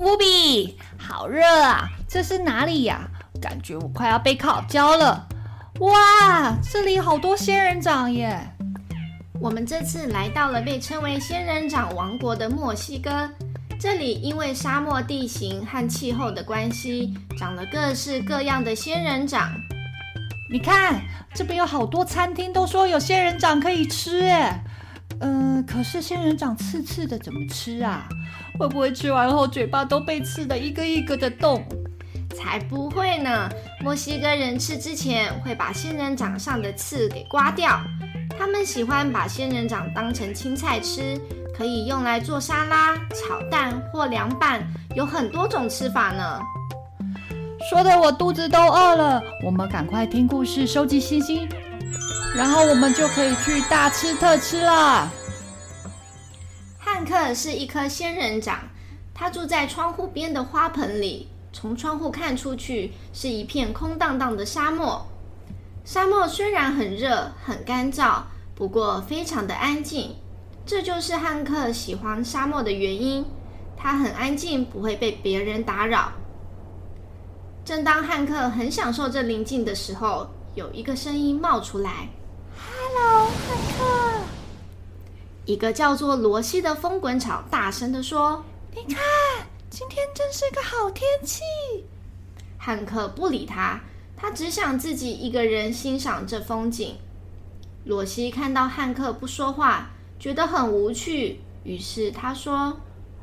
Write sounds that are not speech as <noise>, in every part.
烏比，bi，好熱啊！這是哪裡呀、啊？感覺我快要被烤焦了。哇，這裡好多仙人掌耶！我們這次來到了被稱為仙人掌王國的墨西哥，這裡因為沙漠地形和氣候的關係，長了各式各樣的仙人掌。你看，這邊有好多餐廳都說有仙人掌可以吃耶。嗯、呃，可是仙人掌刺刺的，怎麼吃啊？會不會吃完後嘴巴都被刺的一個一個的洞？才不會呢！墨西哥人吃之前會把仙人掌上的刺給刮掉。他們喜歡把仙人掌當成青菜吃，可以用來做沙拉、炒蛋或涼拌，有很多種吃法呢。說得我肚子都餓了，我們趕快聽故事，收集星星。然後我們就可以去大吃特吃了。漢克是一顆仙人掌，他住在窗戶邊的花盆裡。從窗戶看出去是一片空蕩蕩的沙漠。沙漠雖然很熱很乾燥，不過非常的安靜。這就是漢克喜歡沙漠的原因。他很安靜，不會被別人打擾。正當漢克很享受這寧靜的時候，有一個聲音冒出來。Hello，漢克。一個叫做羅西的風滾草大聲地說：“你看，今天真是個好天氣。”漢克不理他，他只想自己一個人欣賞這風景。羅西看到漢克不說話，覺得很無趣，於是他說：“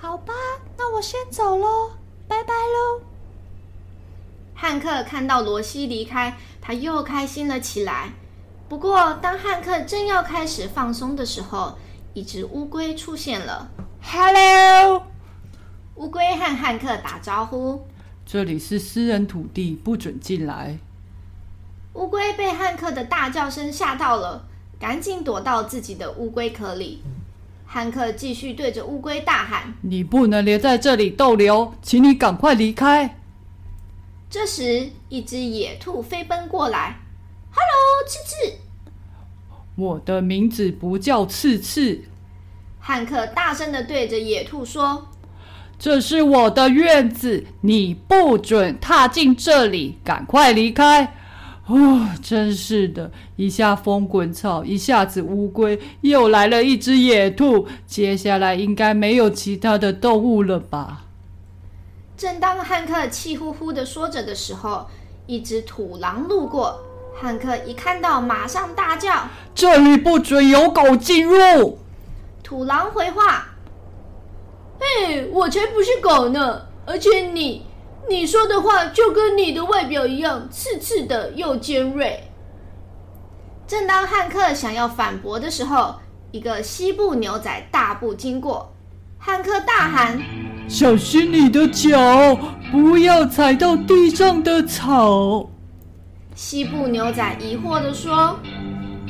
好吧，那我先走嘍，拜拜嘍。”漢克看到羅西離開，他又開心了起來。不過，當漢克正要開始放鬆的時候，一隻烏龜出現了。Hello！烏龜和漢克打招呼。這裡是私人土地，不准進來。烏龜被漢克的大叫聲嚇到了，趕緊躲到自己的烏龜殼裡。嗯、漢克繼續對着烏龜大喊：“你不能留在這裡逗留，請你趕快離開。”這時，一隻野兔飛奔過來。哈嘍，刺刺！我的名字不叫刺刺。漢克大聲的對着野兔說：“這是我的院子，你不准踏進這裡，趕快離開！”哦，真是的，一下風滾草，一下子烏龜，又來了一隻野兔。接下來應該沒有其他的動物了吧？正當漢克氣呼呼的說着的時候，一隻土狼路過。漢克一看到，馬上大叫：“這裡不准有狗進入！”土狼回話：“嘿，我才不是狗呢！而且你，你說的話就跟你的外表一樣，刺刺的又尖銳。”正當漢克想要反駁的時候，一個西部牛仔大步經過，漢克大喊：“小心你的腳，不要踩到地上的草！”西部牛仔疑惑地說：“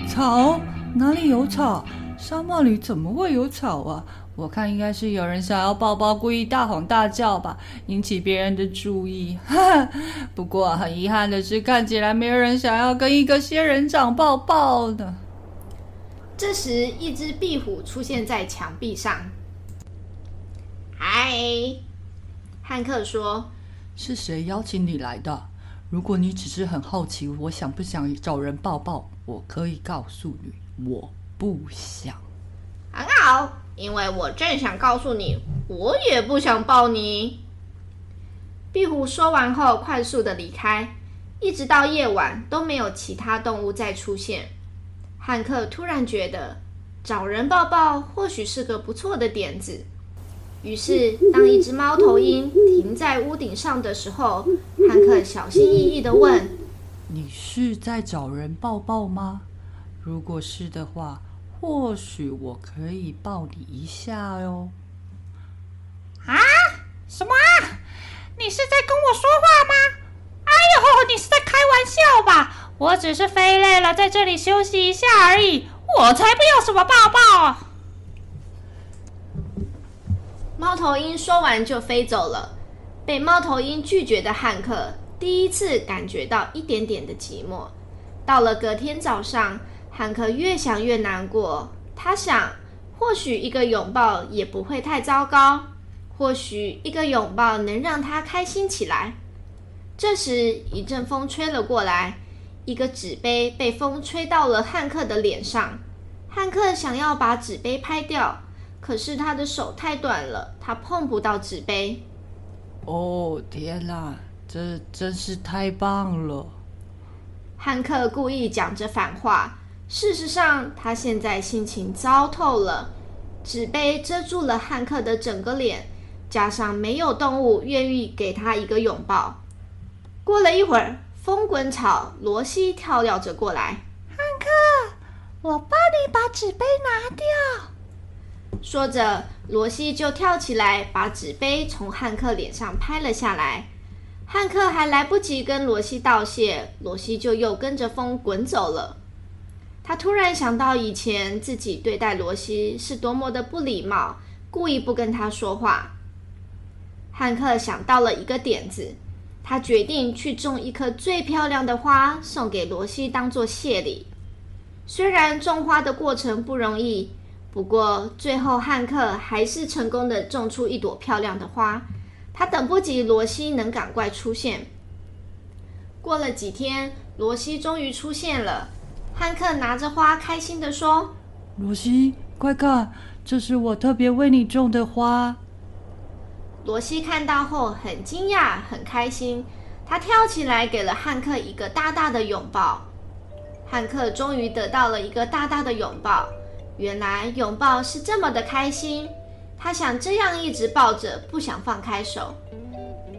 草？哪裡有草？沙漠裡怎麼會有草啊？我看應該是有人想要抱抱，故意大吼大叫吧，引起別人的注意。哈哈，不過很遺憾的是，看起來沒有人想要跟一個仙人掌抱抱的。”這時，一隻壁虎出現在牆壁上。“嗨，漢克說，是誰邀請你來的？”如果你只是很好奇，我想不想找人抱抱？我可以告訴你，我不想。很好，因為我正想告訴你，我也不想抱你。壁虎說完後，快速的離開，一直到夜晚都沒有其他動物再出現。漢克突然覺得，找人抱抱或許是個不錯的點子。於是，當一隻貓頭鷹停在屋頂上的時候，漢克 <laughs> 小心翼翼的問：“你是在找人抱抱嗎？如果是的話，或許我可以抱你一下喲、哦。”啊？什麼啊？你是在跟我說話嗎？哎呦，你是在開玩笑吧？我只是飛累了，在這裡休息一下而已。我才不要什麼抱抱！貓頭鷹說完就飛走了。被貓頭鷹拒絕的漢克第一次感覺到一點點的寂寞。到了隔天早上，漢克越想越難過。他想，或許一個擁抱也不會太糟糕，或許一個擁抱能讓他開心起來。這時，一陣風吹了過來，一個紙杯被風吹到了漢克的臉上。漢克想要把紙杯拍掉。可是他的手太短了，他碰不到紙杯。哦，天哪，啊，這真是太棒了！漢克故意講着反話。事實上，他現在心情糟透了。紙杯遮住了漢克的整個臉，加上沒有動物願意給他一個擁抱。過了一會兒，風滾草羅西跳躍着過來：“漢克，我幫你把紙杯拿掉。”說着，羅西就跳起來，把紙杯從漢克臉上拍了下來。漢克還來不及跟羅西道謝，羅西就又跟着風滾走了。他突然想到以前自己對待羅西是多麼的不禮貌，故意不跟他說話。漢克想到了一個點子，他決定去種一棵最漂亮的花送給羅西，當作謝禮。雖然種花的過程不容易。不過，最後漢克還是成功的種出一朵漂亮的花。他等不及羅西能趕快出現。過了幾天，羅西終於出現了。漢克拿着花，開心地說：“羅西，快看，這是我特別為你種的花。”羅西看到後很驚訝，很開心。他跳起來，給了漢克一個大大的擁抱。漢克終於得到了一個大大的擁抱。原來擁抱是這麼的開心，他想這樣一直抱着，不想放開手。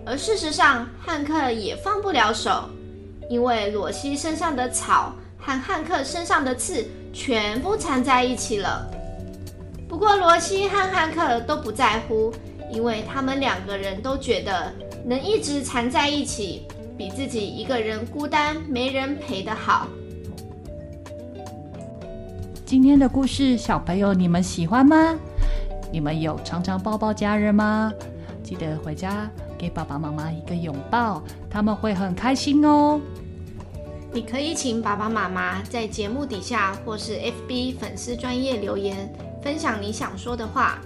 而事實上，漢克也放不了手，因為羅西身上的草和漢克身上的刺全部纏在一起了。不過，羅西和漢克都不在乎，因為他們兩個人都覺得能一直纏在一起，比自己一個人孤單沒人陪得好。今天的故事，小朋友你們喜歡嗎？你們有常常抱抱家人嗎？記得回家給爸爸媽媽一個擁抱，他們會很開心哦。你可以請爸爸媽媽在節目底下或是 FB 粉絲專頁留言，分享你想說的話。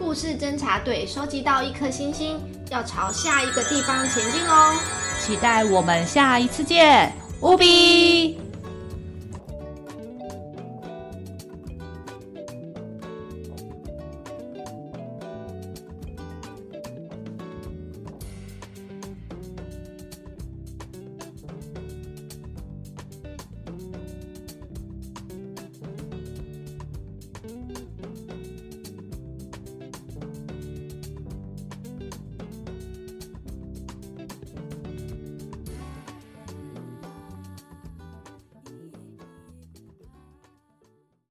故事偵查隊收集到一顆星星，要朝下一個地方前進哦。期待我們下一次見，烏比。